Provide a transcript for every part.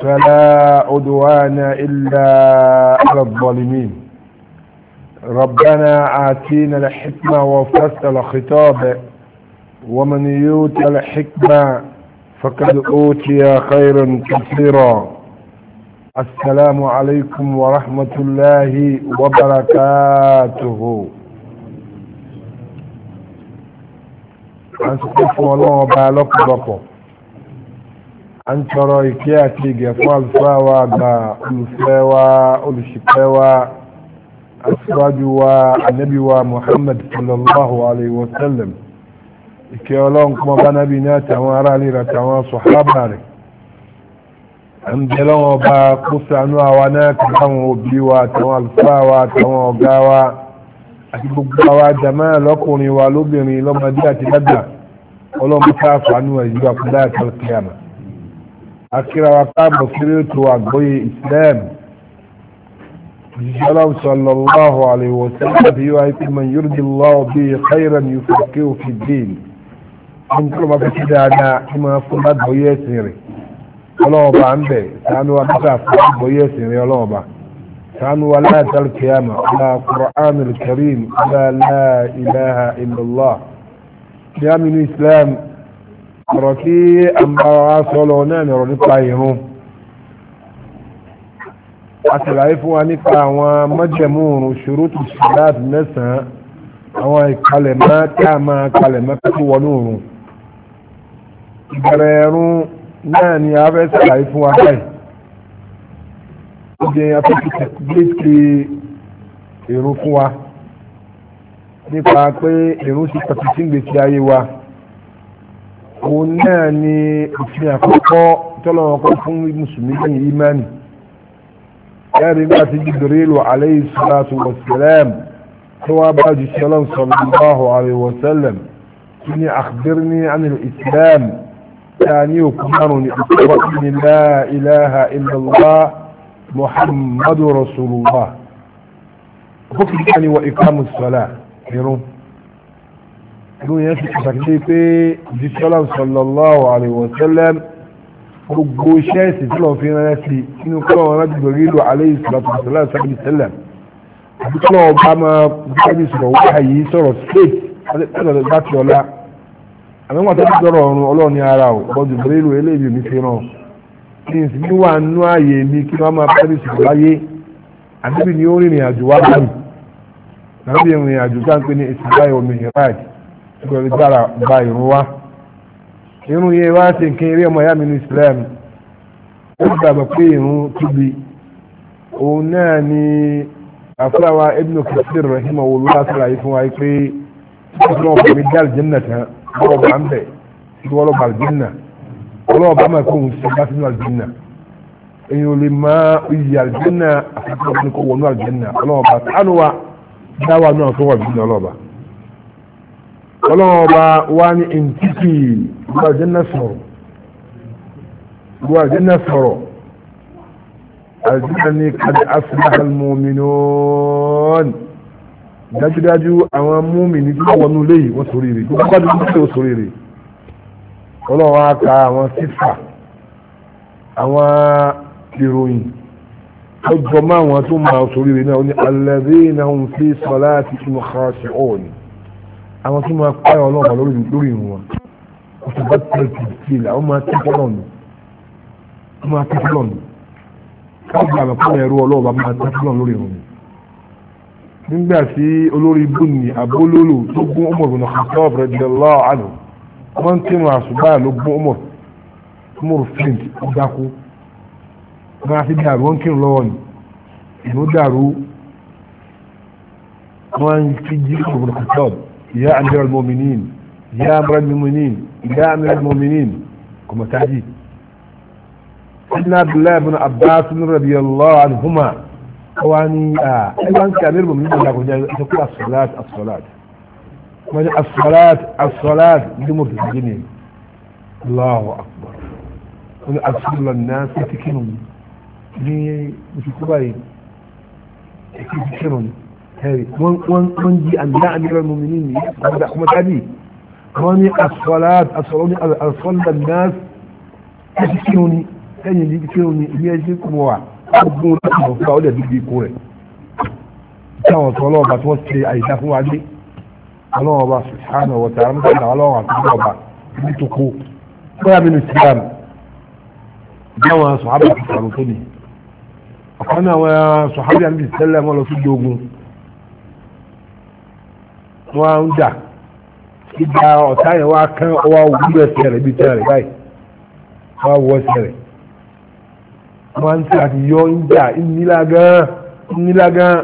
فلا عدوان إلا على الظالمين ربنا آتينا الحكمة وفصل الخطاب ومن يوت الحكمة فقد أوتي خيرا كثيرا السلام عليكم ورحمة الله وبركاته أنت تفعلون وبالك بكم à ń tọrọ ìkẹ́ àti ìgẹ̀ fún àlùfáà wa àgbà olùfẹ́ wa olùṣìpẹ̀ wa aṣíwájú wa ànábì wa Muhammad sallallahu alayhi wa sallam ìkẹ́ ọlọ́run kọ́mọ bá nábì ní àtàwọn aráàlú rẹ̀ àtàwọn sọ̀hábà rẹ̀ à ń bẹ lọ́wọ́ ọba kó ṣàánú àwa náà kí òbí wa àtàwọn àlùfáà wa àtàwọn ọ̀gá wa àti gbogbo àwa jàmá lọ́kùnrin wa lóbìnrin lọ́mọdé àti dàgbà ọlọ́run ká àfààní wa ìlú àtàlùkẹ́ àmà akíráwá káàbọ̀ kiri tó àgbóyè islam jíjọ́lá sallallahu alaihi wa sallam bí wáyé pé man yuridillahu bihi khayran yufaqqihu fi ddin ní kí ló máa fi ṣe dáadáa kí máa fún bá gbóyè ẹ̀sìn rẹ̀ ọlọ́ọ̀bà ń bẹ̀ sánú wa dúkà fún gbóyè ẹ̀sìn rẹ̀ ọlọ́ọ̀bà sánú wa láti alkiyama ọlá qur'an alkarim ọlá la ilaha illallah kí á islam ọ̀rọ̀ tí a máa sọ́lọ náà nọ̀rọ̀ nípa ìrun a ṣàlàyé fún wa nípa àwọn májẹ̀mú òrùn ṣòro tó ṣàlàyé mẹ́sàn-án àwọn ìkalẹ̀mọ́ tí a máa kalẹ̀mọ́ tó wọnú òrùn ìbẹ̀rẹ̀ ẹ̀rún náà ni a fẹ́ ṣàlàyé fún wa báyìí ó jẹ́ afẹ́kìtì gbèsè ìrun fún wa nípa pé ìrun ti pàtàkì sí ìgbésí ayé wa. òun náà ni òfin àkọ́kọ́ tọ́lọ́wọ́ kọ́ fún mùsùlùmí ní imani ẹ̀rí bá ti Jibrilu alayhi salatu wa salam tó wá bá ju sẹ́lọ̀n sallallahu alayhi wa sallam tí ni akhbirni anil islam tani òkúmanu ni òkúmanu ni la ilaha illallah muhammadu rasulullah hukumani wa ikamu salah irun ẹgbẹ́ yẹn ti pàtàkì pé ìdíṣọ́lá sallallahu alaihi wa sallam gbogbo iṣẹ́ ìsìn tí wọ́n fi rẹ́rẹ́ sí inú kọ́lọ̀ wọn láti gbèrè ìlú alayhi salatu wa sallam sábì sẹ́lẹ̀ àti kọ́lọ̀ ọba máa gbájú sọ̀rọ̀ wá yìí sọ̀rọ̀ straight alẹ́pẹ̀lẹ̀ láti ọ̀la àmọ́ wọn tẹ́lẹ̀ sọ̀rọ̀ ọ̀run ọlọ́ọ̀ni ara ò bọ́ gbèrè ìlú eléyìí mi fi ràn kí n sì ní wà nú ààyè mi kí wọ́n máa gbájú sọ̀rọ̀ láyé àdébì ni ó rìnrìn àjò wá báyìí gbẹ̀rẹ̀ gbára gba ìrún wa irun yẹn wá ṣe nǹkan eré ọmọ ìyá mi ní Islam ó gbàgbọ́ pé irun tóbi òun náà ni àfúráwa Ibn Kathir rahimahullah sọ̀rọ̀ yìí fún wa pé ọ̀sán ọ̀pọ̀ mi dá àlùjẹ́nà tán lọ́wọ́ bá ń bẹ̀ sí wọ́lọ́ba àlùjẹ́nà ọlọ́wọ́ bá máa kó òun ṣe bá sínú àlùjẹ́nà èyí ò lè má iyì àlùjẹ́nà àti ìjọba ní kò wọnú àlùjẹ́nà ọlọ́wọ́ bá tánú wa dáwà náà tó wà bí ọlọ́wọ́ bá ọlọ́wọ́ bá wá ní ìntìkì gbàjẹ́nà sọ̀rọ̀ gbàjẹ́nà sọ̀rọ̀ àjíjá ní kàdé asìláhàn mọ́mìnón dájúdájú àwọn mọ́mìnì tí wọ́n lè wọ́n sórí rẹ̀ tó bá dúró sí sórí rẹ̀ ọlọ́wọ́ á ka àwọn sífà àwọn ìròyìn tó jọmọ́ àwọn tó máa sórí rẹ̀ náà ní alladhina hum fi salati khashi'un àwọn tí máa pààyàn ọlọ́ọ̀bà lórí ìrùn wọn wọ́n ti bá tẹ̀lẹ̀tì sí ilẹ̀ àwọn máa tẹ́kọ̀ lọ́nù wọ́n máa tẹ́kọ̀ lọ́nù káàbù àmọ́ fún ẹ̀rọ ọlọ́ọ̀bà máa tẹ́kọ̀ lọ́nù lórí ìrùn nígbà tí olórí bùnì abólólò tó gún ọmọ ìbùnà kàtọ́ọ̀bù rẹ̀ jẹ́ lọ́ọ̀ àná wọ́n ti rìn àṣùgbà ló gún ọmọ ọmọ flint ọdákú wọ́n á ti dàrú wọ́n kírun lọ́wọ́ ni ìlú dàrú wọ́n ti jí ọmọ ìbùnà kàtọ́ọ̀bù يا أمير المؤمنين يا أمير المؤمنين يا أمير المؤمنين كما تعجي سيدنا عبد الله بن عباس رضي الله عنهما واني اه أيضا كامير المؤمنين الصلاه الصلاة الصلاة الصلاة الصلاة دمر الجنين الله أكبر من الناس يتكنون ليه مش كبير يتكنون ẹ̀rì wọ́n jí àmìlá àmìlá mọ̀mìnì ní ọjà kuma tábì wọ́n ní asọ́lọ́ ní asọ́lọ́ náà ẹ̀sì kí ni ẹ̀yìn ní kí ni ilé ẹ̀sì kú wa ọgbọ́n láti mọ̀ fún wa ó dẹ̀ bí ikú rẹ̀ táwọn sọ́lọ́ ọba tí wọ́n ṣe àyíká fún wa dé ọlọ́wọ́ ọba sùhánà wọ̀tà àmì ọlọ́wọ́ àti ọba ibi tó kó bóyá mi ní sílám báwọn sọ̀hábà ti sọ̀rọ̀ tó ní ọ̀kan náà wọn sọ̀hábà ti sẹ́lẹ̀ wọn lọ sí dogun wọ́n á ń jà ìgbà ọ̀tá yẹn wá kán ọwọ́ wúlò ẹsẹ̀ rẹ̀ bíi tẹ́lẹ̀ báyìí wọ́n á wọ ẹsẹ̀ rẹ̀ wọ́n á ń tẹ́ àti yọ ń jà ńnílá gan ńnílá gan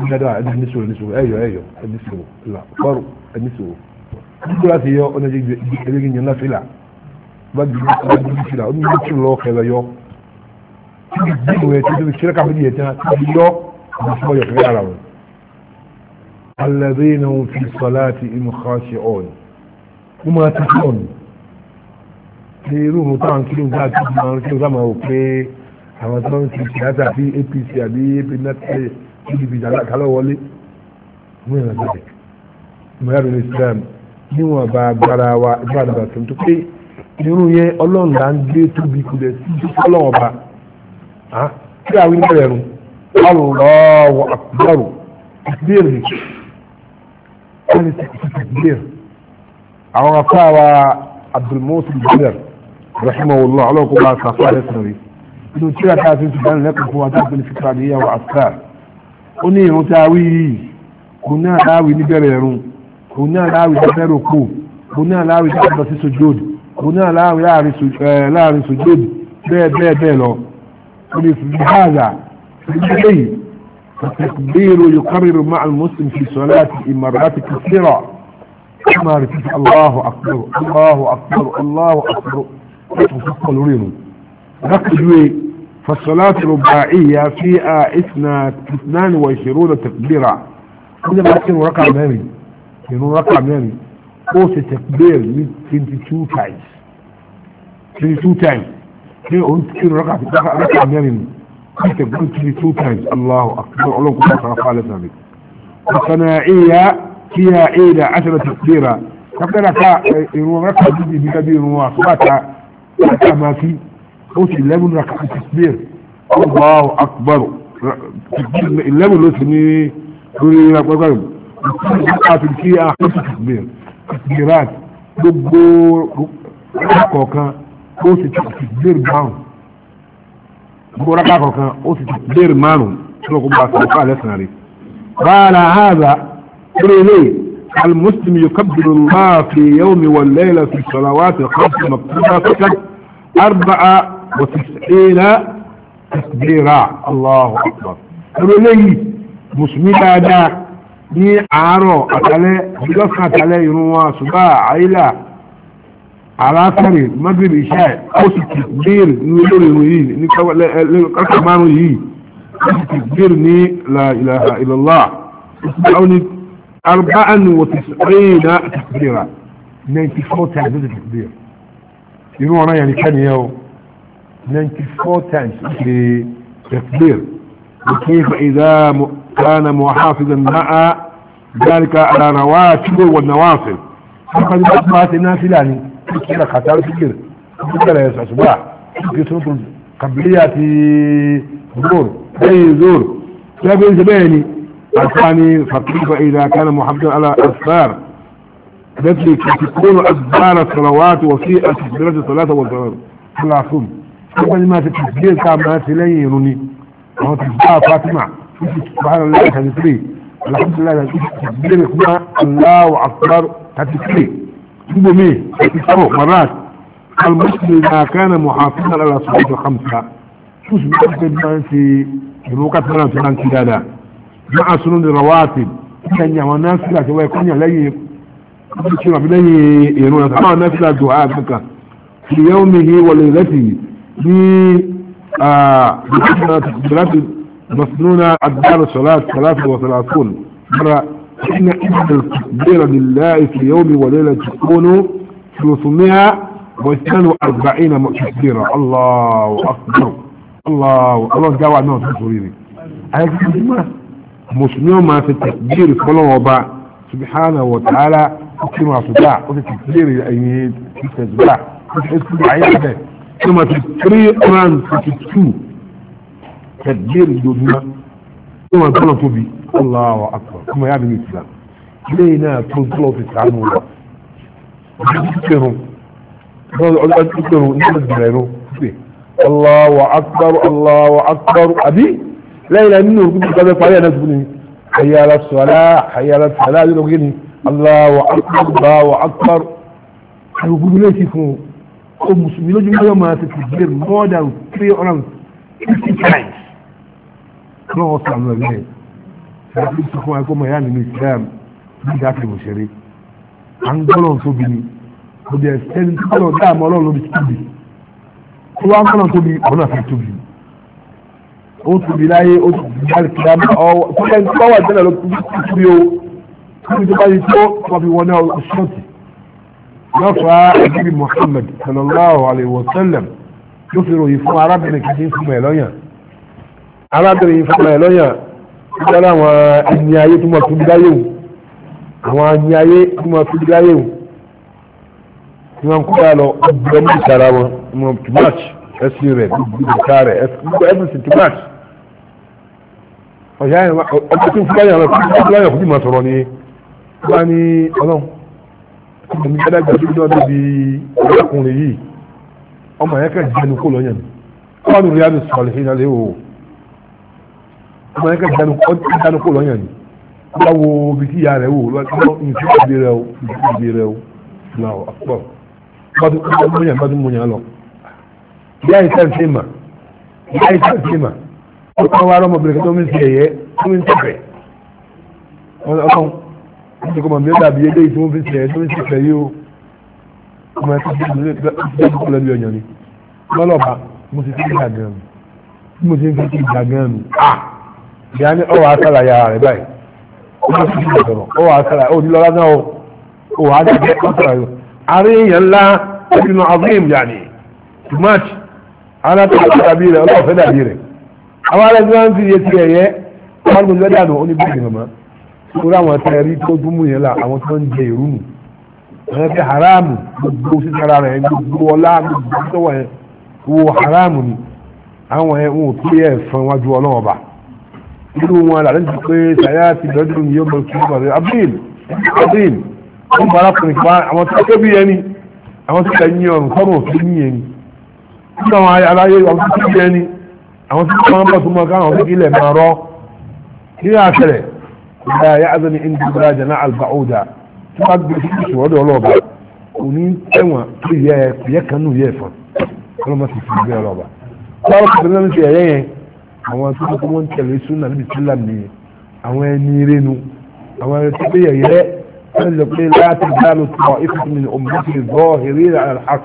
ńnílá gan ẹni sòrò ẹni sòrò ẹ̀yọ ẹ̀yọ ẹni sòrò là kọ́rù ẹni sòrò nígbà láti yọ ọ̀nà ẹgbẹ́gi yẹn náà fìlà bá gbẹ̀gbẹ̀ fìlà ó ní bí tí lọ́ọ́ kẹlẹ̀ yọ kí ni bí mo yẹ tí o ti ṣe é káfíńdì yẹn tán yọ àti fọ́ yọ ara wọn. الذين هم في صلاتهم خاشعون وما تكون irúhun táwọn kí ló ń gbà tó máa ń kí ló sábà wò pé àwọn tó ń ti tíátà sí APC àbí apc pdp kálọ̀ wọlé mú ìrìn àjò mọ́yàrá ní Islam níwọ̀n bá agbára wa ẹgbẹ́ àdàbà tó ń tó pé irú yẹn ọlọ́run là ń gbé tóbi kulẹ̀ sí ọlọ́run ọba kí àwọn ilé rẹ̀ rùn ọlọ́run lọ́wọ́ àkùdárò àti bí èrè ẹni tẹ̀kìtìkìtìkìtìr àwọn afáwa abdulmosin jirar rahimahullah alọ́kọ̀ bá kàfà rẹ̀ sọ̀rọ̀ inú tíra ta fi ti dánilẹ́ kan fún wa tó gbé ní fitra ní yàwó askar ó ní ìrún tá a wí yìí kò ní àláwì níbẹ̀rẹ̀ ẹ̀rún kò ní àláwì lábẹ́rẹ̀ òkú kò ní àláwì lábẹ́ sí sojóòdù kò ní àláwì láàrin sojóòdù bẹ́ẹ̀ bẹ́ẹ̀ bẹ́ẹ̀ lọ ó ní fi hàzà فالتكبير يقرر مع المسلم في صلاته مرات كثيرة كما رفض الله أكبر الله أكبر الله أكبر وتفق الورين نقدوي فالصلاة الرباعية فيها اثنى اثنان وعشرون تكبيرا هذا ما يكون رقع ماني يكون رقع ماني قوس تكبير من 22 تايز 22 تايز هي قلت كيلو رقع رقع كنت قلت لي two times الله أكبر الله أكبر قال ذلك الصناعية فيها عيدة عشرة تكبيرة فكان كا ركعة جدي بكبير وفاتا فاتا ما في قلت اللبن ركعة تكبير الله أكبر اللبن لسني قولي لك وقلب ركعة تركية خمسة تكبير تكبيرات دبور ركعة كوكا قلت تكبير باون bọ́rọ́ká kọ̀ọ̀kan ó ti bèèrè márùn-ún tí wọ́n kó bá sọ̀rọ̀ fún àlẹ́sìn rẹ̀ báàlà ààbà lórí ilé المسلم يكبر الله في يوم والليلة في الصلوات الخمس مكتوبة أربعة وتسعين تكبيرا الله أكبر lórí ilé mùsùlùmí dáadáa ní àárọ̀ àtàlẹ́ ìjọsìn àtàlẹ́ ìrun wọn àṣùbà àìlà على كريم مغرب عشاء اوستيك بير نيلو المهين نكو لقلق مانو يهي اوستيك بير ني لا اله الا الله اسمعوني اربعا وتسعين تكبيرا نينتي فور تانس تكبير يقول انا يعني كان يو نينتي فور تانس تكبير وكيف اذا كان محافظا مع ذلك على نواسل والنواصل فقد بطبعت الناس لاني يعني كنا قتال فكر فكر يا صباح يسرط قبلية زور أي زور تابعي زباني الثاني فكيف إذا كان محمد على أسفار التي تكون أسفار الصلوات وفي أسفار الصلاة والصلاة العصوم قبل ما تتسجيل كما تلينني وهو تسجيل فاتمة سبحان الله 33 الحمد لله تسجيل الله أكبر 33 بميه تسبع مرات المسلم إذا كان محافظا على صلاة الخمسة شوش بأكد في الوقت فلان فلان كدادا مع سنون الرواتب كان يهوى الناس لا ويكون يلي يشرف إليه ينون طبعا الناس لا دعاء بك في يومه وليلته في بحثنا تقديرات مسنون الدار الصلاة 33 مرة إن إحدى التكبير لله في يوم وليلة تكون 342 تكبيرة الله أكبر الله الله جاوى عنه تكبيري مسلم ما في التكبير كل وضع سبحانه وتعالى تكبير صداع وفي التكبير يعني الأيد يعني في التسباح وفي التسباح كما في 3 تكبير الدنيا ní wọn tọ́lọ̀ tóbi aláwọ̀ akọ̀ ọmọ yára mi ìtura lẹ́yìn náà tó ń tọ́lọ̀ fi sàánú wa ọdún tó kẹrùn ní ọdún bẹ̀rẹ̀ rún pé aláwọ̀ akọ̀rọ̀ aláwọ̀ akọ̀rọ̀ àbí lẹ́yìn náà nínú òkú tó parí ẹ̀ náà tó ní ayára sọ̀rọ̀ ayára sọ̀rọ̀ àbí lọ́gẹ́ ni aláwọ̀ akọ̀rọ̀ aláwọ̀ akọ̀rọ̀ àwọn gbogbo lè ti fún o mùsùlùmí lójú mọ́ náà wọ́n sàmúlò bẹ́ẹ̀ láti sọ fún akọ́mọ ìyá nínú Islam bí ìdá fi mọ̀ ṣeré à ń gbọ́ lọ́n tóbi ni kò dẹ̀ ẹni tí kọ́ lọ́n dá àmọ́ ọlọ́run lóbi tóbi tó wá ń kọ́ lọ́n tóbi ọ̀hún àfi tóbi ó tóbi láyé ó tóbi láyé kìlá ọ̀ sọ́kẹ́ ní báwà tẹ́lẹ̀ ló tóbi o tóbi tó bá yẹ tó wọ́n fi wọn náà ṣọ́ọ̀tì wọ́n fa àbíbi Muhammad sallallahu alayhi wa sallam ló fi ròyìn fún arábìnrin kìí fún ẹ̀ lọ́yàn arábìnrin fọmọ ẹ̀ lọ́yàn nígbà láwọn ẹni ayé tó mọ̀ tóbi láyé wù àwọn ẹni ayé tó mọ̀ tóbi láyé wù tí wọ́n kó bá lọ ọgbẹ́ ní ìtara wọn mọ̀ too much ẹsìn rẹ̀ ìgbà rẹ̀ everything too much ọ̀yá ẹ̀ ọ̀pọ̀ tó ń fúláyà rẹ̀ fúláyà fún ìmọ̀ sọ̀rọ̀ ni wọ́n ní ọlọ́run ọmọ ẹ̀dá gbàdúrà náà débi ọlọ́kùnrin yìí ọmọ ẹ̀ka jẹ́nu kó lọ́yẹ̀ mi ọlọ́run rí àdùn sọ̀rọ̀ ìhìnà lé o ọmọ yẹn kẹ́ dánú kó lọ́yàn ni wọ́n wo ibi tí ìyá rẹ̀ wò lọ́wọ́ nǹkan ìdí rẹ̀ o ìdí rẹ̀ o là ó pọ̀ bọ́dún múyàn bọ́dún múyàn lọ. ìyá yìí sẹ́ǹtì mà ìyá yìí sẹ́ǹtì mà ó kọ́ wa rọ́mọbìnrin kan tó ń ṣe ẹ̀yẹ tó ń tẹ̀fẹ̀ ọlọ́run ó ti kọ́ mọ̀ mi ó dàbí eléyìí tó ń fi ṣe ẹ̀yẹ tó ń tẹ̀fẹ̀ yìí o ọmọ yẹn tó ti dánú kó lọ́dún ọ̀yàn ni lọ́lọ́ba mo ti fi ìgbà gan mi mo ti fi ìgbà gan mi ah ìyá ní ọwọ́ asálà ya rẹ̀ báyìí ọwọ́ asálà ó ní lọ́lá náà ó wà á ti jẹ́ ọ̀sán àyọ̀ àrí èèyàn ńlá ẹbínú abúlé ìyàní tùmáàtì aláta àbí rẹ̀ ọlọ́ọ̀fẹ́ dàbí rẹ̀ àwọn ará ẹgbẹ́ wọn ti yẹ ti ẹ̀yẹ wọn ló lọ́dà nù ó ní bíbí màmá tó ráwọn ẹ̀tẹ́ rí tó dún mú yẹn là àwọn tó ń jẹ ìrú nù ẹ̀rẹ́ pé haramu gbogbo sísára rẹ̀ gbogbo ọlá gbogbo sọ́wọ́ yẹn wo haramu ni àwọn ẹ̀ wọn ò tó yẹ ẹ̀fọn wájú ọlọ́wọ́ bá nínú wọn là lẹ́nu pé sàyà ti dọ́jú ní yóò mọ̀ sí ìbàdàn abdul abdul wọn bá arákùnrin pa àwọn tó ké bí ẹni àwọn tó ké yín ọrùn sọ́run òfin ní ẹni nínú àwọn aráyé àwọn tó ké bí ẹni àwọn tó ké máa bọ̀ tó mọ káwọn tó ilẹ̀ máa rọ kí ni àṣẹlẹ̀ ìgbà yà á zani indi bra jana albauda tó bá gbé sí ìṣòro ọdọ ọlọ́ọ̀bà kò ní ẹ̀wọ̀n tó yẹ kò yẹ kanú yẹ fún ọlọ́mọ sì fi gbé ọlọ́ọ̀bà àwọn tó kọ́kọ́ wọ́n tẹ̀lé súnà níbi tí làm nìyẹn àwọn ẹni rẹnu àwọn ẹni tó pé yẹ̀yẹ́ wọ́n lè pé láti dáàlú tọ̀ ìfúnni mi òmùdó ti bọ́ eré àlàk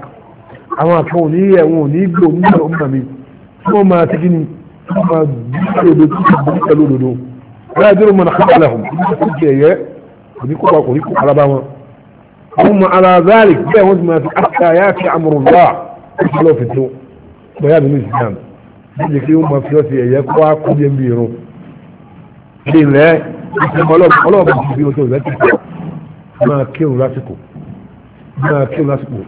àwọn àkan òní yẹ wọn òní gbé òní yẹ òmùdó mi tí wọ́n máa tigi ni tí wọ́n máa bí òdo tí wọ́n bọ́ pẹ̀lú òdodo láyé dúró mọ̀ nàkàtà lẹ́hùn yẹ̀yẹ́ òní kópa wọn. ti máa fi àṣà yáa fi àmúrò wá ó ti lọ́ọ́ fi tó bọ́yá mi ní ìsìlámù ẹni kí wọ́n fi ọ́ sí ẹ̀yẹ kó wá kú bí ẹ̀mí kí ilẹ̀ ọlọ́ọ̀bù ti fi oṣù rẹ̀ ti pọ̀ máa kírun lásìkò máa kírun lásìkò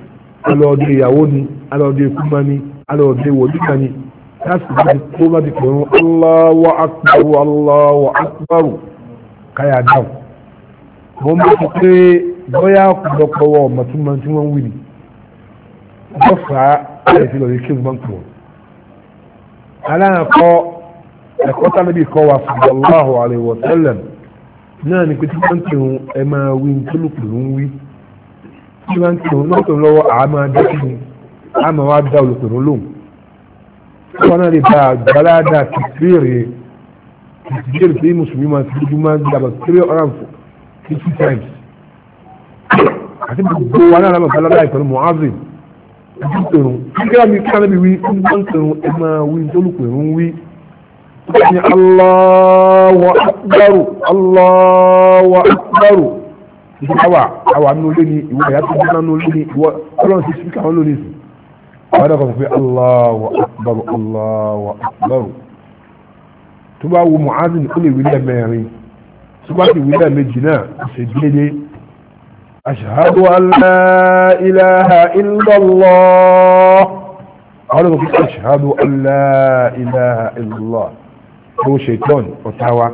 ìyàwó ni alọ́ọ̀dẹ ikúmá ni alọ́ọ̀dẹ wòlíkà ni lásìkò ti káyà bá ti pé wí ni wọ́n fà á ẹ̀ lọ́ọ́ yẹ kí ń pọ̀ aláàkọ́ ẹ̀kọ́ tánàbí kọ́ wa sallallahu alaihi wa sallam náà ni pé tí wọ́n ń tẹ̀ wọn ẹ máa wí ní tó lùkù ló ń wí tí wọ́n ń tẹ̀ wọn lọ́tọ̀ lọ́wọ́ àá máa dá sí ni àá máa wá dá olùkù ló lóhùn wọn náà lè ba àgbàládà kìtìrì kìtìrì pé mùsùlùmí máa ti dúdú máa ń gbà bàtà three hundred and fifty times àti gbogbo wa náà lábàá ìdúpẹ̀rún kíkẹ́ mi kí anábì wí ń bá ń pẹ̀rún ẹ máa wí ń tólùpẹ̀rún wí. ní Allahu akbar Allahu akbar ìṣàwà àwà nínú ilé ni ìwọ ìyá tó dáná nínú ilé ni ìwọ ọlọ́run ti ṣíkà wọn lónìí sí. àwọn ẹ̀dá kan sọ pé Allahu akbar Allahu akbar tó bá wo mu'azin ó lè wí lẹ́ẹ̀mẹ́rin tó bá sì wí lẹ́ẹ̀mejì náà ṣe déédéé أشهد أن لا إله إلا الله أعرض أشهد أن لا إله إلا الله هو شيطان وتعوى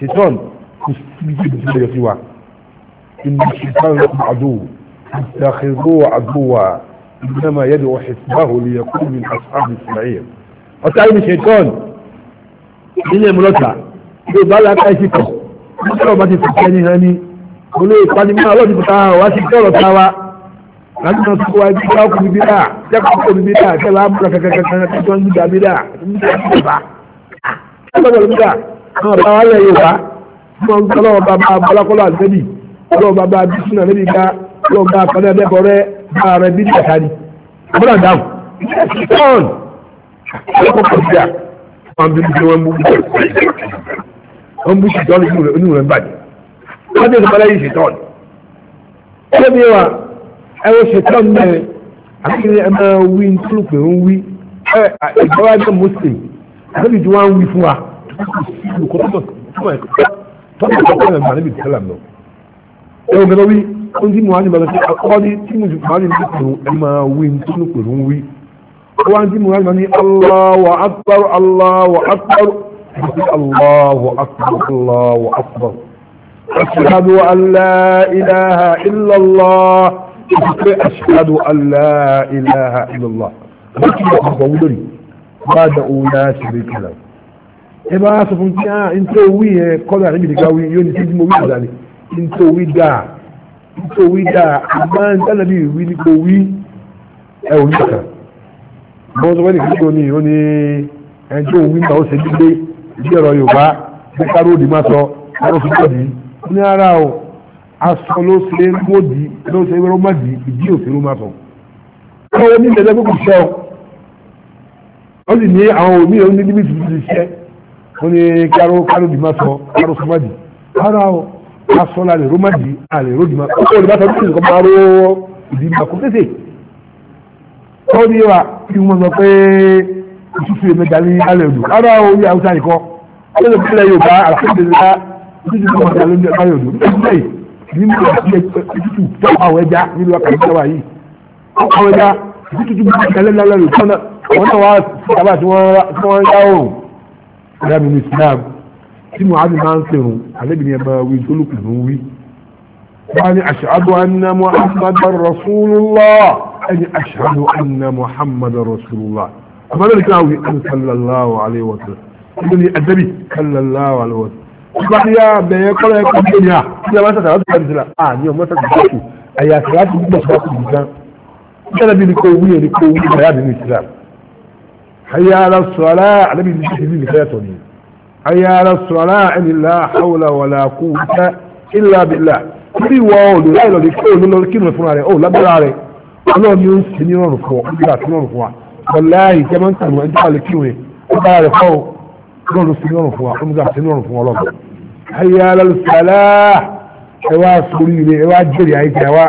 شيطان كسبيتي بسم الله إن الشيطان لكم عدو اتخذوه عدوا إنما يدعو حسبه ليكون من أصحاب السعير وتعلم الشيطان إن الملوكة يبالك أي شيطان مثلا ما تفكرني هاني mo lè panimọ́ ọlọ́dún ta wá sí tọ́rọ̀ ta wa láti mọ sí wa ibi káàkó bíbí dà jẹ́kọ̀ọ́ kó bíbí dà kẹ́lá múra kankan tí wọ́n ń gbà mí dà mí dà mí dà ọlọ́dún mi dà àwọn ọba wa lẹ̀ yóò wá mo ń tọ́lọ́ ọba bá bọ́lákọ́lọ́ àgbẹ̀bì ọlọ́dún bá bá bí sínú àgbẹ̀bì ká ọlọ́dún bá padà dẹ́kọ̀ rẹ bá rẹ bí dàtà ni ọlọ́dún dáhùn ìtọ́n ọlọ́kọ̀ọ́kọ̀ sí à wọ́n bí wọ́n bú wọ́n bú ṣùgbọ́n inú rẹ̀ ń bàjẹ́ wọ́n ti sọ̀rọ̀ lẹ́yìn ṣètọ́ọ̀nù ó bí wa ẹ wo ṣètọ́ọ̀nù mẹ́rin àti ẹ máa wí nítorí pé ń wí ìjọba ẹgbẹ́ muslim àbẹ́bí tí wọ́n ń wí fún wa tọ́lá ìjọba ẹgbẹ́ àbẹ́bí tí wọ́n lọ. ẹ wo gẹ́gẹ́ wí ó ń tí mo wá ní ìbára sí ọkọ ní tí mo sì máa ní ìbára ẹ máa wí nítorí pé ń wí ó wá ń tí mo wá ní ìbára ní Allahu akbar Allahu akbar Allahu akbar Allahu akbar. أشهد أن لا إله إلا الله أشهد أن لا إله إلا الله لكن أخبرني بعد أولى شريك له ẹba sọ fún kí á ń tó wí yẹn kọ́lá níbi ìdíkà wí yóò ní tí mo wí ìdá ni ń tó wí dáa ń tó wí dáa àmọ́ ń dáná bí ìwí ní kò wí ẹ ò ní kà mọ́ sọ wẹ́nì kíkọ́ ni ó ní ẹni tó wí náà ó ṣe dídé ìdí ọ̀rọ̀ Yorùbá bí káró òdì má sọ káró fi kọ́ nìyí ní ara o aṣọ ló ṣe ló di ló ṣe ló má di ìdí òfin ló má sọ ọwọ́ ní ìdẹ́gbẹ́ kò ṣe ọ ó sì ní àwọn òmí ìrún ní níbi tí ti ṣe ó ní káró káró di má sọ káró sọ má di ara o aṣọ la lè ró má di a ró di má kókó lè má sọ bí nǹkan máa ró ìdí má kó tètè ó ní wa kí wọ́n sọ pé òtútù èmi dání alẹ́ òdù ara o ní àwùjọ àyíkọ́ ó lè bí ilẹ̀ Yorùbá àlàkùn títí tó máa lóúnjẹ báyọ̀ ló lẹ́yìn nínú ìdílé títú tó àwọn ẹja nínú ọkàn ìjọba yìí àwọn ẹja títí tó máa kẹlẹ́ lálẹ́ rẹ̀ tọ́nà wọn náà wá sábà tí wọ́n ń yá òun ẹ̀rọ mi ní Islam tí muhammed máa ń sẹ̀rùn alẹ́bìnrin ẹ̀ máa wí sólùkù ló ń wí. wọ́n á ní ashhadu anna muhammadar rasulullah ẹni ashhadu anna muhammadar rasulullah àmọ́ lórí kí wọ́n wí ẹni sallallahu alayhi wa sallam ẹni adébí sallallahu alayhi wa sallam. bá yá bẹ̀yẹ kọ́lọ́ ẹ̀kọ́ ní ìyá tí a máa sàtàrà tó kàdìsí la à ní ọmọ sàtàrà tó kù àyà àtàrà tó gbọ́ sọ́kà kù nìkan nítorí bí ní kò wúyẹ ní kò wúyẹ bàyà nínú ìsìlá àyà ara sọ̀rọ̀ àlẹ́bí ní ti ní nìkan yàtọ̀ ni àyà ara sọ̀rọ̀ ẹni la hawla wala quwwata illa billah kí wọ́ olù láì lọ́ọ́ kí ó lágbára kí wọn fún wa fún ọlọ́gbọ̀n hayya lal falah ẹ wá sórí ire ẹ wá jèrè ayé tẹ wá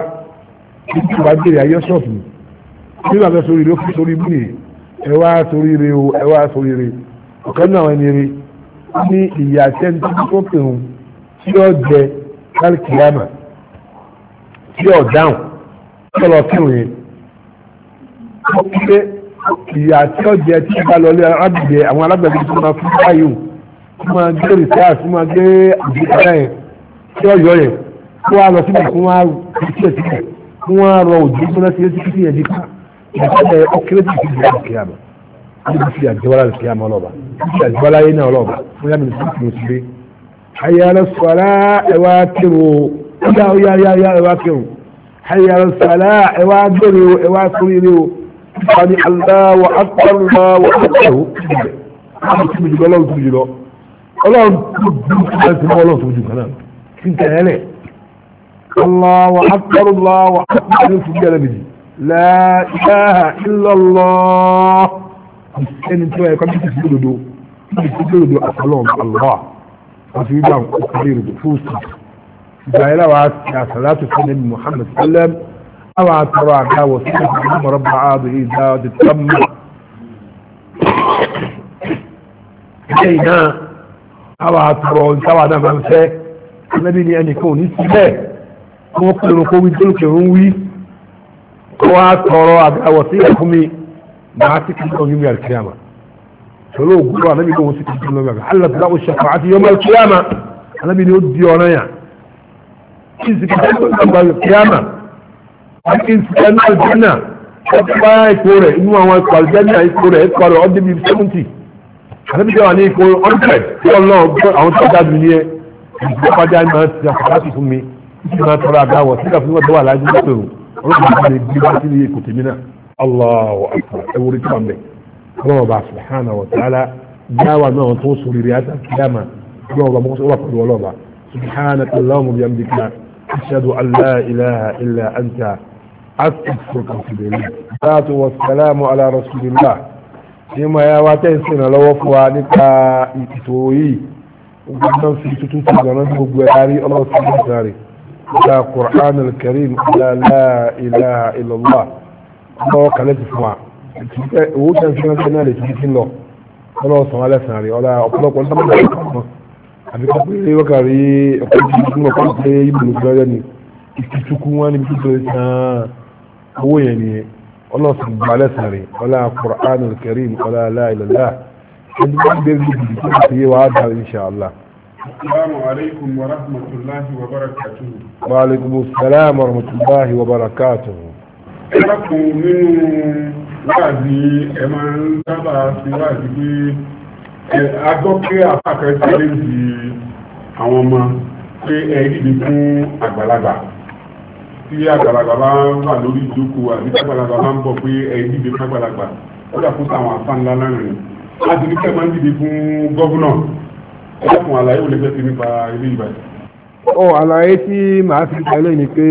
títí wá jèrè ayé ṣọ́ọ̀tù tí wàá fẹ́ sórí ire ó fi sórí ibú nìyẹn ẹ wá sórí ire o ẹ wá sórí ire ọ̀kan náà ẹni rí ní tó tó pè tí ó jẹ kálíkìlámà tí ó dáhùn tó lọ kírun yẹn ó pé ìyá tí ó jẹ tí ó bá lọ lé àwọn alábẹ̀rẹ̀ tó máa fún báyìí máa gé research máa gé àgbékalẹ̀ yẹn tí ọ̀yọ́ yẹn kó wa lọ síbẹ̀ kó wa fi tiẹ̀ síbẹ̀ kó wa rọ òjò gbọ́dọ̀ sí etí kìtì yẹn di ká ìgbàgbọ́ yẹn ọkẹ́rẹ́ ti fi jẹ́ àkìyà mọ́ níbi tí àjẹwọ́lá rẹ̀ kìyà mọ́ lọ́ba níbi àjẹwọ́lá yẹn náà lọ́ba fún yàrá mi sí ìlú sílé. ayára sọ̀rá ẹ̀wá kírò yá yá yá yá ẹ̀wá kírò ayára sọ̀rá ẹ̀wá gbèrè o ẹ̀wá kúrìrì o sani aláwọ̀ akọ̀rọ̀ wọ̀ akọ̀rọ̀ الله الله انت هلا الله اكبر الله اكبر في الجلب دي لا اله الا الله انسان انت يا كم تسجدوا دو تسجدوا دو اصلون الله وفي جام كبير بفوسك جايلا وعاد يا صلاة سنة محمد صلى الله عليه وسلم اوعى تراجع وصفه بهم رب عاد ايزاد التمه جينا àwọn àtọrọ ìtawà náà máa ń fẹ́ anábì ní ẹnìkan ò ní sílẹ̀ kí wọ́n pèrò kó wí tó kèrò ń wí kó wá tọrọ àgbàwọ̀ sí ẹ̀kún mi máa ti kí lọ́ọ́ yúmi àkíyàmà tọ́lọ́ ògùrọ̀ anábì kó wọ́n sì kí lọ́ọ́ yúmi àkíyàmà alàbílà ó ṣàkọ́ àti yọmọ àkíyàmà anábì ní ó di ọ̀rọ̀ yàn kí n sì kí lọ́ọ́ yúmi àkíyàmà àti ìsìnkú ẹ̀ náà àlébíjọ́ wà ní ipò hundred tí ọlọ́run gbọ́ àwọn tó dájú ní ẹ ìgbàpadà máa ti àkàtì fún mi tí máa tọrọ àdáwọ̀ síkà fún ọdún wà lájú ní pẹ̀lú ọlọ́run bá lè gbé wá sí ní èkó tèmi náà Allahu akbar ẹwọ orí tó wà mẹ́ ọlọ́run bá subhanahu wa ta'ala dáwà náà tó ń sori rí ata kíyàmà ọlọ́run bá mọ́kọ́sọ́ wà pẹ̀lú ọlọ́run bá subhanaka Allahumma bihamdika ashhadu an la ilaha illa anta astaghfiruka wa atubu ilayk salatu wa salamu ala rasulillah ní ma ya wa tẹ́ ń sìn lọ́wọ́ fún wa nípa ìtò yìí gbogbo náà fi tuntun ti gbàmọ́ sí gbogbo ẹ̀ rárí ọlọ́sìn ní sáré nípa Qur'an al-Karim la ilaha illallah ọlọ́wọ́ kalẹ̀ ti fún wa owó tẹ́ ń sìn lọ́sìn náà lè ti fi lọ ọlọ́sìn wa lẹ́sìn rí ọlá ọ̀pọ̀lọpọ̀ ní sábà ní ọmọ àbí kọ́ pé wọ́kà rí ọ̀pọ̀ tí wọ́n mọ̀ kọ́ pé ibùdó gbọ́dọ̀ ni ìtìtúkú wọn الله سبحانه وتعالى ولا قرآن الكريم ولا لا إلا الله إن شاء الله السلام عليكم ورحمة الله وبركاته وعليكم السلام ورحمة الله وبركاته ẹlẹ́kùn nínú wáàdí ẹ máa ń dábàá sí wáàdí pé agbọ́pẹ́ àpákẹ́ sílẹ̀ di àwọn ọmọ pé ẹ dìde fún àgbàlagbà tí àgbàlagbà bá wà lórí ìjókòó àbí àgbàlagbà bá ń bọ̀ pé ẹ̀yìn dìde fún àgbàlagbà ó dà fún àwọn afá ńlá láàrin láti ní kẹ́ẹ̀ máa ń dìde fún gọ́vùnà ẹ̀kùn àlàyé wò lè fẹ́ sí nípa ilé ìbàdàn. ọ àlàyé tí màá fi tẹ̀lé ni pé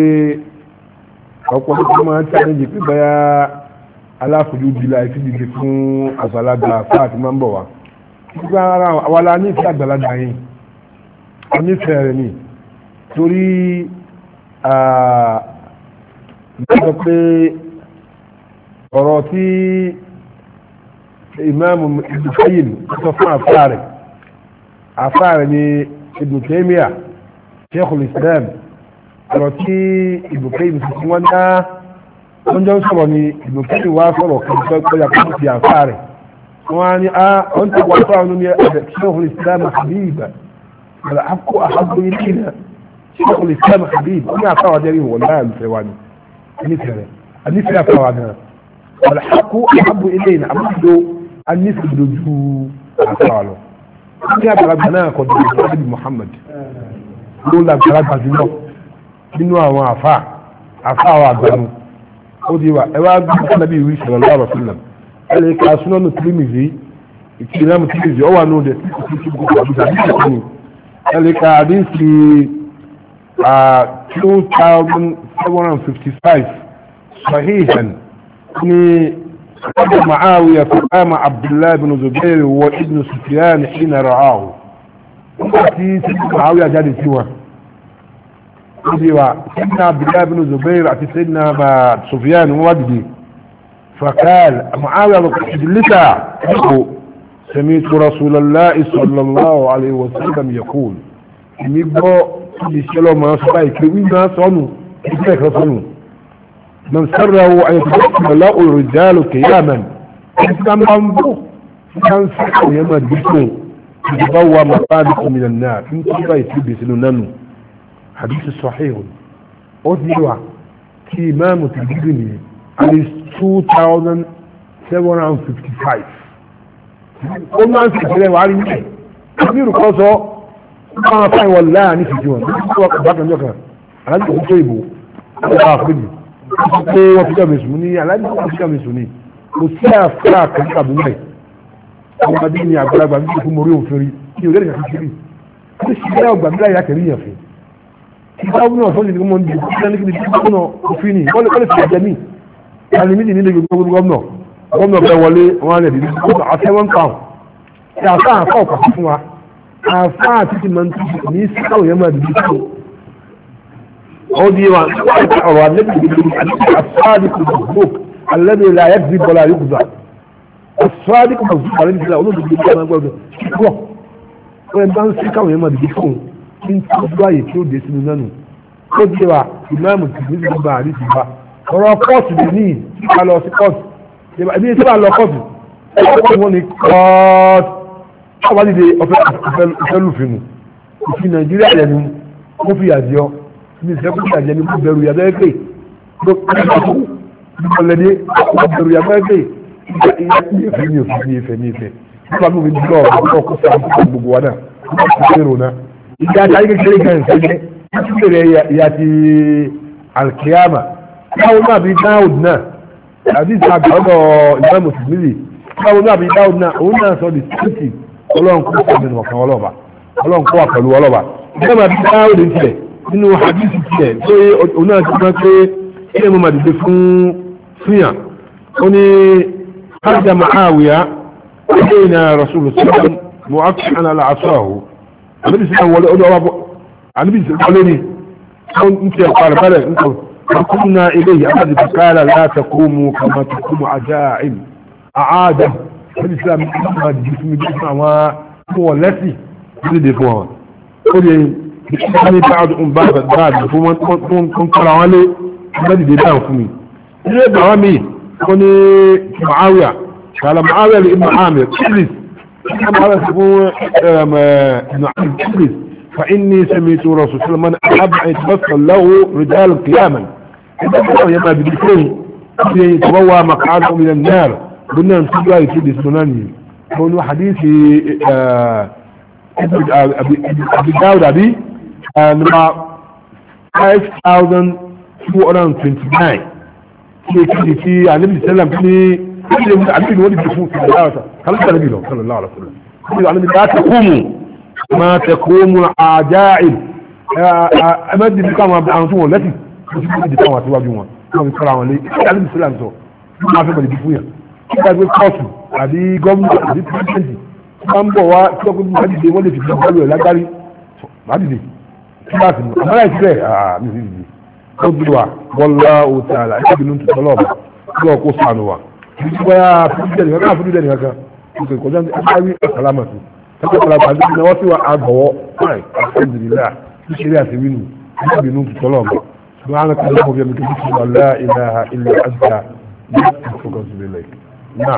ọ̀pọ̀ tó máa ń tàníjì pé báyà aláfojú di la ìfi dìde fún àgbàlagbà fáàtì máa ń bọ̀ wá. nígbà ara àwa la nífẹ̀ẹ́ àgbàlagbà yẹn a nífẹ̀ẹ́ rẹ̀ ni torí sọ pé ọ̀rọ̀ tí ìmáàmù Ibn Qayyim sọ fún àfáà rẹ̀ àfáà rẹ̀ ni Ibn Taymiyyah Sheikhul Islam ọ̀rọ̀ tí Ibn Qayyim sọ fún wọn náà wọ́n jọ ń sọ̀rọ̀ ni Ibn Qayyim wá sọ̀rọ̀ kan tó kọ́ ya kó ti àfáà rẹ̀ شيخ الاسلام حبيب انا اعطاه جريمه والله الفيواني النسبه النسبه اعطاه والحق احب الينا عبده النسبه بدون اعطاه له يا ربنا قد محمد محمد لولا بلاك بزينو nínú àwọn àfà àfà àwọn àgbàmù ó di wa ẹ wá gbé kánábì ìwé ìṣẹ̀lẹ̀ lọ́wọ́ sílẹ̀ ẹ lè ka súnánù tìrìmìzì ìtìlẹ́mù tìrìmìzì ọ̀wà nù tìrìmìzì kò kò àbújá ẹ lè ka àdínsì 2755 صحيحا قد معاوية فقام عبد الله بن زبير وابن سفيان حين رعاه وقتي سيدنا معاوية جاد سوا سيدنا عبد الله بن زبير أتي سيدنا سفيان وابدي فقال معاوية لتا سمعت رسول الله صلى الله عليه وسلم يقول يقول ibi iṣẹ́ lọ́mọ sọ báyìí pé wíwá sọnù ìpínlẹ̀ kan sọnù mọ̀n sọ́rọ̀ àwọn àyẹ̀kọ́ ìmọ̀lá òròjálò kèyàmẹ̀ ìgbàmbọ̀ ìgbàmbọ̀ ìyẹ̀mọ̀ dípò ìjọba wa màbá ní kòmìnà náà ń tó bá ìtìbì sínú nánu àdúsù sọ́hìhù ó ti wà tí ìmáàmù ti gírí ní àlè 2755 ó máa ń sèkìlẹ̀ wà á rí nílẹ̀ máa fáyìn wọn láàá ní fìdí wọn nígbà wọn bá kan jọkàn aláàjì kò tó ìbò ó bá àfẹ́jù ó pé wọn fi jàmẹ̀sùn ní aláàjì kò fi jàmẹ̀sùn ní kò sí àfẹ́ àkàǹkà bó mẹ́ àwọn adé ní àgbàlagbà ní ìfún morí òfin rí ní òlẹ́rìí àti kiri ó sì bẹ́ẹ̀ ọgbà mílá ìyá kẹrí yàn fún ìgbà wọn náà sọ́jì ní mo ń di ìgbà ní kí ni bí gómìnà òfin ni wọ́n lè fi àjẹmí àlùmíìnì nílé gómìnà gómìnà bẹ́ẹ̀ wọlé wọn lè rí àfẹ́ wọn kàn àfẹ́ àfẹ́ ọ̀kọ̀ fún wa a títí máa ń tó ní sáwọn yẹn máa dìbò tó ó di wa ọ̀rọ̀ alẹ́bí gbogbo àfáàdì kò gbogbo alẹ́bí ilẹ̀ ayé ti bọ́lá ayé kùzà àfáàdì kò gbogbo alẹ́bí ilẹ̀ olóògbé gbogbo ọmọ ẹgbẹ́ ọdún kíkọ́ ó yẹ bá ń sí káwọn yẹn máa dìbò fún un ní tí ó bá yẹ tí ó dé sínú nánu ó di wa ìmáàmù tì ní gbogbo àrí ti bá ọ̀rọ̀ kóòtù ní ní ìka lọ sí kóòtù ìbí sábà lọ kóòtù ẹgbẹ́ wọn ni kóòtù ọba dìde ọfẹ lùfin mu òfin nàìjíríà lẹnu ó fi àjọ ní ìṣẹ́kù fi àjẹ ní kó bẹ̀rù yà bẹ́ẹ̀ pé ló kọ́ ọ́ ìmọ̀lẹ́dẹ́ kó bẹ̀rù yà bẹ́ẹ̀ pé ìyá ní ìfẹ́ ní òfin ní ìfẹ́ ní ìfẹ́ nípa mi ò ní lọ ọ̀rọ̀ kó sọ àwọn gbogbo wa náà kó sọ pé rò náà ìyá àti ayé kékeré kan ìfẹ́ jẹ́ láti bẹ̀rẹ̀ ìyá ti alkiyama táwọn náà bí dáhùn náà àbí ìsàgbà ọ̀dọ̀ ìyá mùsùlùmí táwọn náà bí dáhùn náà òun náà sọ the same thing ọlọ́run kó pàmì ọ̀kan ọlọ́ba ọlọ́run kó wà pẹ̀lú ọlọ́ba ìjọba bí dáwò lè tiẹ̀ nínú hadith tiẹ̀ tó yẹ òun náà ti gbọ́n pé ilé mọ́ màdìde fún fúnyàn ó ní hajj ma'awiya ó ní ìnà rasulù sọ́dọ̀ mọ́ àfihàn aláàtọ̀ọ̀hù àníbi sí wọlé ọdọ ọba àníbi sí wọlé ni ó ń tiẹ̀ pàrọ̀ pàrọ̀ إليه أحد فقال لا تقوموا كما تقوم عجائب أعاده ẹni islam máa di fún mi fún àwọn fún wọn lẹ́sì lórí de fún wọn ó lè ká ní bá àdùn bá àdùn fún wọn tó ń kára wọn lé bá dìde dáhùn fún mi ilé ìgbà wọn mi wọn ní ma'awiya kàlà ma'awiya lè ibn amir iblis kàlà ma'awiya sì fún um, ibn amir iblis فإني سميت رسول الله من أحب أن يتبصر له رجال قياما إذا كان يما بالكل يتبوى مقعده من النار قلنا نتبع يتبع اسمناني قلنا حديث أبي داود أبي نمع 5229 في كده في النبي صلى الله عليه وسلم كده من عبد الوليد يفوت في الدعوة خلاص النبي له صلى الله عليه وسلم قال النبي لا تقوموا ما تقوم عجائب أمد بكام أنتم التي تجد كما تواجهون كما يقرأون لي النبي صلى الله عليه وسلم ما في بدي بفويا gbàgbé kóòtù àbí gọ́ọ̀mù àbí pírẹ́sìdẹ̀ntì tí wọ́n ń bọ̀ wá tí wọ́n bá dìde wọ́n lè fi gbọ́ bọ́ọ̀lù ẹ̀ lágbárí má dìde kí bá sìn àmọ́ láì sílẹ̀ àmì sí dìde ó dúró wa bọ́lá òtà àlà ẹ̀ka bínú tó tọ́lọ̀ ọ̀bà tí wọ́n kó sànù wa kí wọ́n yá fúdúdẹ̀ nìkan káà fúdúdẹ̀ nìkan kan kò kọjá ní akáwí àsàlámàtì tẹ́tẹ́ palapa ní ìnáwó sí wa àgọ̀wọ́ fáì àfẹ́ǹdìrìlá tí ṣeré àti wínú ẹ̀ka bínú tó tọ́lọ̀ ọ̀bà سبحانك اللهم وبحمدك لا اله الا انت نستغفرك ونتوب اليك No.